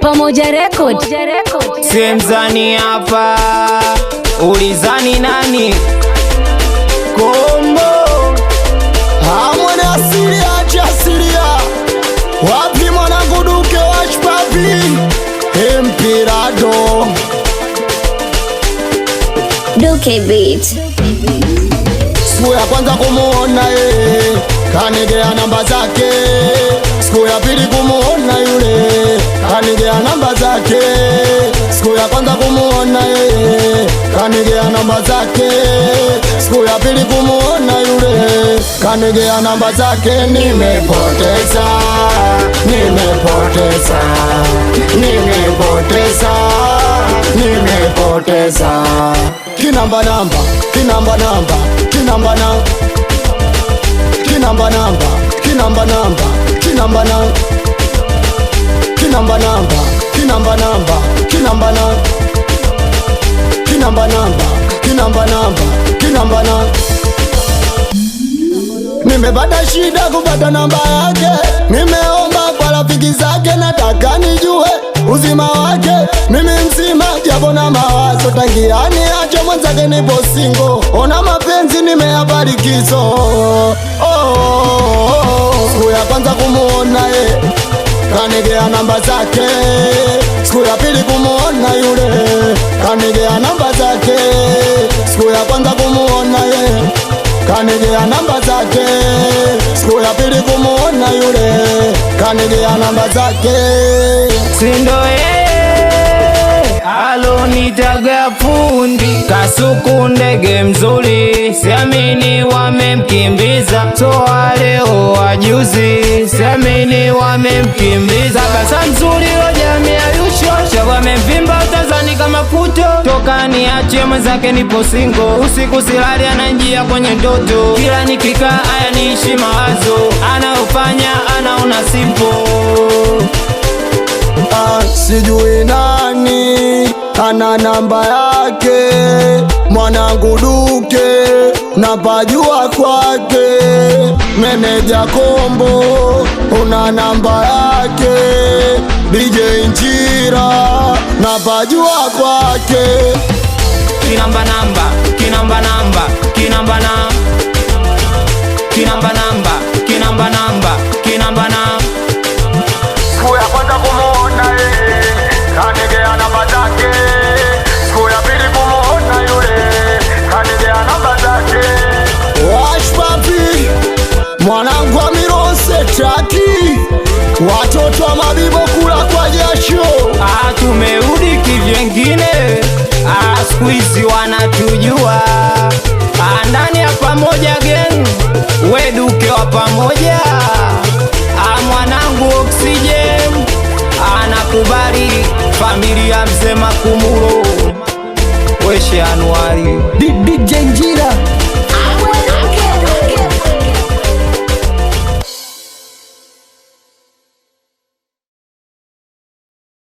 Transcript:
Pamoja Record. Sie mzani hapa, ulizani nani? Kombo hamwana asilia, acha Wapi mwanangu duke washpapi empirado Duke beat siku ya kwanza kumuona yeye, kanigea namba zake namba zake, siku ya pili kumuona yule kanigea namba zake, nimepoteza, nimepoteza, nimepoteza, nimepoteza kinamba namba, kinamba namba, kinamba namba, kinamba namba, kinamba namba, kinamba namba kinamba namba kinamba namba, nimepata shida kupata namba yake, nimeomba kwa rafiki zake, nataka nijue uzima wake. Mimi mzima japo na mawazo, tangiani acho mwenzake, nipo singo, ona mapenzi nimeyabarikizo. Oh, oh, oh. Siku ya kwanza kumuona ye kanigea namba zake, siku ya pili kumuona yule kanigea namba kanigea namba zake, siku ya pili kumuona yule kanigea namba zake, sindoe alonitaga fundi kasuku ndege mzuri, siamini wamemkimbiza toa leo wajuzi, siamini wamemkimbiza kasa mzuri, ojamiayushosha wamemvimba kuto toka niache mwenzake, nipo single, usiku silali, ananjia kwenye ndoto, kila nikikaa haya niishi mawazo, anayofanya anaona simple. Ah, sijui nani ana namba yake, mwanangu Duke napajua kwake, meneja Kombo una namba yake, DJ Njira na pajua kwake kinamba namba kinamba namba kinamba na kinamba namba kinamba namba kinamba na kuya kwanza kumuona yeye kanigea namba zake kuya pili kumuona yule kanigea namba zake wash papi mwanangu mirose traki watoto wa mabibo kula kwa jasho ah, tumerudi kivyengine ah, siku hizi wanatujua ah, ndani ya pamoja gen we duke wa pamoja ah, mwanangu oxygen anakubali ah, familia msema kumuro weshe Anuari DJ Njira